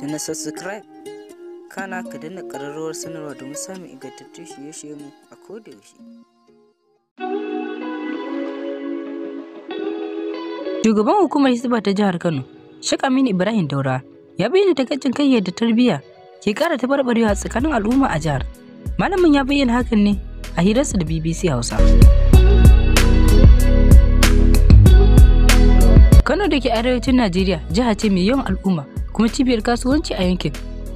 da na subscribe kana ka dana kararrawar sanarwa domin samun ingantattun shirye-shirye mu a kodayaushe. Shugaban hukumar Hisba ta jihar Kano, Sheikh Aminu Ibrahim Daura, ya bayyana takaicin kai da tarbiyya ke kara tabarbarewa tsakanin al'umma a jihar. Malamin ya bayyana hakan ne a hirarsa da BBC Hausa. Kano da ke arewacin Najeriya jiha ce mai yawan al'umma kuma cibiyar kasuwanci a yankin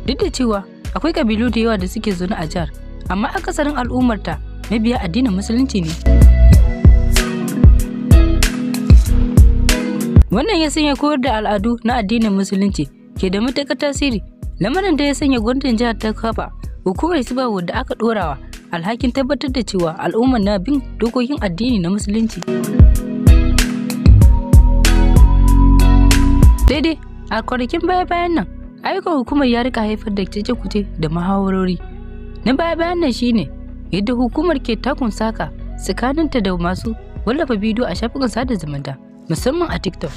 duk da cewa akwai kabilu da yawa da suke zaune a jihar amma akasarin al'ummarta mabiya addinin musulunci ne wannan ya sanya koyar da al'adu na addinin musulunci ke da matuƙar tasiri lamarin da ya sanya gwamnatin jihar ta kafa hukumar sibawa da aka dorawa alhakin tabbatar da cewa al'ummar na bin dokokin addini na musulunci daidai a kwanakin baya bayan nan aikin hukumar ya rika haifar da kuce kuce da muhawarori na baya bayan nan shine yadda hukumar ke takun saka tsakaninta da masu wallafa bidiyo a shafukan sada zumunta musamman a tiktok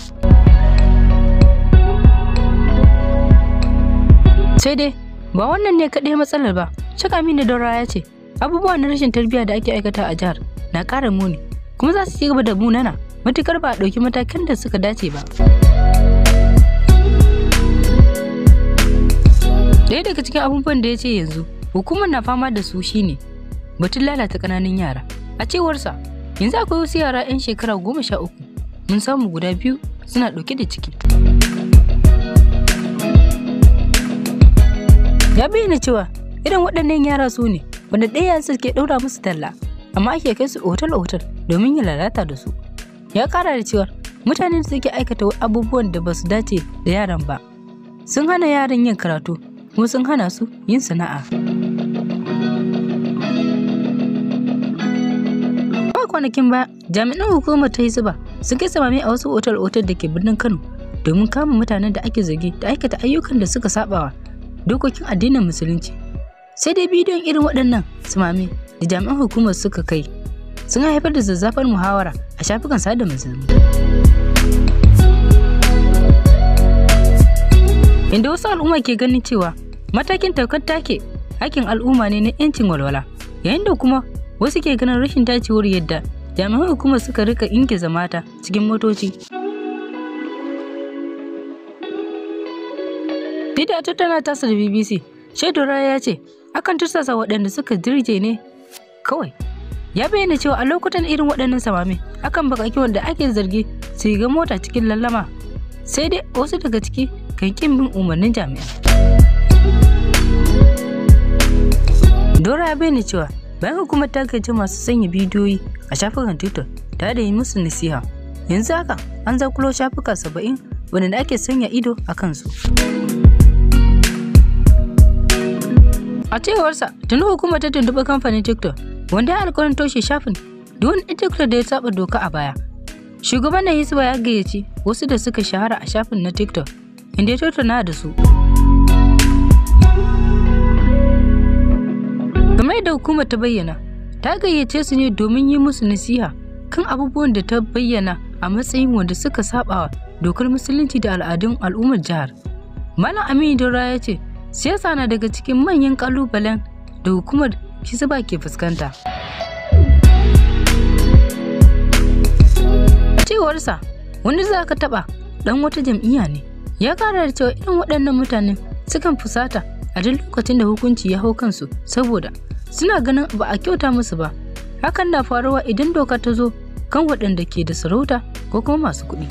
sai dai ba wannan ne kaɗai matsalar ba cik mini daura ya ce abubuwa na rashin tarbiyya da ake aikata a jihar na ƙara muni kuma za su ci gaba da munana matukar ba a ɗauki matakan da suka dace ba. cikin abubuwan da ya ce yanzu hukumar na fama da su shine batun lalata ƙananan yara a cewarsa yanzu akwai wasu yara 'yan shekara goma sha uku mun samu guda biyu suna ɗauke da ciki ya bayyana cewa irin waɗannan yara su ne wanda ɗaya yansu ke ɗaura musu talla amma ake kai su otal-otal domin ya lalata da su ya ƙara da cewa mutanen da suke aikata abubuwan da ba su dace da yaran ba sun hana yaran yin karatu kuma sun hana su yin sana'a. Ba kwanakin ba, jami'an hukumar ta yi zuba sun kai samami a wasu otal-otal da ke birnin Kano domin kama mutanen da ake zargi da aikata ayyukan da suka sabawa dokokin addinin musulunci. Sai dai bidiyon irin waɗannan samami da jami'an hukumar suka kai sun haifar da zazzafar muhawara a shafukan sada musulmi. inda wasu al'umma ke ganin cewa matakin taukar take hakin al'umma ne na 'yancin walwala yayin da kuma wasu ke ganin rashin dacewar yadda jami'an hukumar suka rika ingiza mata cikin motoci duk tana tasa tasar bbc Shaidura ya ce akan tursasa waɗanda suka dirje ne kawai ya bayyana cewa a lokutan irin waɗannan samami akan baƙaƙi wanda ake zargi su ga mota cikin lallama sai dai wasu daga ciki kan kin bin umarnin jami'a Dora ya bayyana cewa bayan hukumar ta gayyaci masu sanya bidiyoyi a shafukan tiktok ta da yi musu nasiha. Yanzu haka an zakulo shafuka saba'in waɗanda ake sanya ido a kansu. A cewarsa, tuni hukumar ta tuntuɓi kamfanin TikTok wanda ya alƙawarin toshe shafin duk wani TikTok da ya saba doka a baya. Shugaban da Hisba ya gayyaci wasu da suka shahara a shafin na TikTok inda ya tattauna da su. kamar yadda hukumar ta bayyana ta gayyace su ne domin yi musu nasiha kan abubuwan da ta bayyana a matsayin wanda suka sabawa dokar musulunci da al'adun al'ummar jihar malam aminu dora ya ce siyasa na daga cikin manyan kalubalen da hukumar kisba ke fuskanta cewarsa wani za ka taba dan wata jam'iyya ne ya kara da cewa irin waɗannan mutanen sukan fusata a duk lokacin da hukunci ya hau kansu saboda suna ganin ba a kyauta musu ba hakan na faruwa idan doka ta zo kan waɗanda ke da sarauta ko kuma masu kuɗi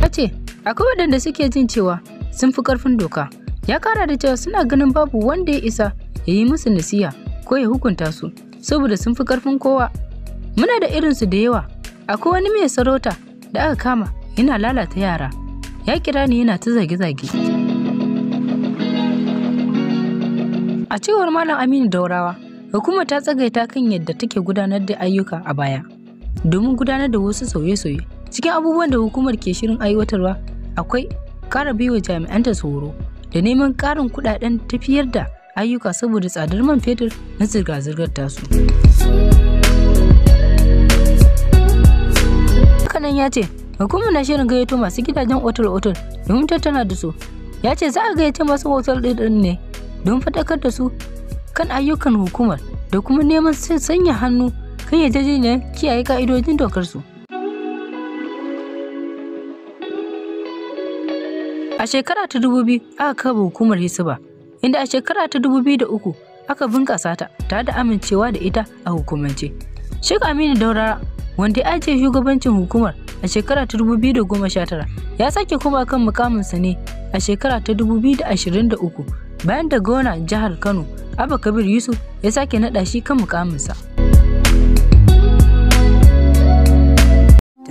ta ce akwai waɗanda suke jin cewa sun fi ƙarfin doka ya kara da cewa suna ganin babu wanda ya isa ya yi musu nasiya ko ya hukunta su saboda sun fi ƙarfin kowa muna da irinsu da yawa akwai wani mai sarauta da aka kama yana lalata yara ya kira ni yana ta zage-zage. A cewar Malam Aminu Daurawa, hukumar ta tsagaita kan yadda take gudanar da ayyuka a baya domin gudanar da wasu sauye-sauye. Cikin abubuwan da hukumar ke shirin aiwatarwa akwai kara jami'an ta tsoro da neman karin kudaden tafiyar da ayyuka saboda tsadar man fetur na zirga-zirgar tasu. Hakanan ya ce, hukumar na shirin gayyato masu gidajen otal-otal domin tattauna da su. Ya ce za a gayyace masu otal ɗin ne don faɗakar da su kan ayyukan hukumar da kuma neman sanya hannu kan yarjejeniyar kiyaye ka'idojin dokarsu. A shekara ta dubu biyu aka kafa hukumar Hisba, inda a shekara ta dubu biyu da uku aka bunƙasa ta tare da amincewa da ita a hukumance. Sheikh Aminu Daurara, wanda ya ajiye shugabancin hukumar a shekara ta dubu biyu da goma sha tara, ya sake koma kan mukaminsa ne a shekara ta dubu biyu da da uku. bayan da gona jihar kano abba kabir yusuf ya sake naɗa shi kan mukaminsa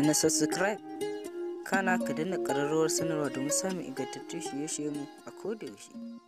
na subscribe kana ka dana ƙararrawar sanarwa domin samun ingantattun shirye-shirye mu a kodayaushe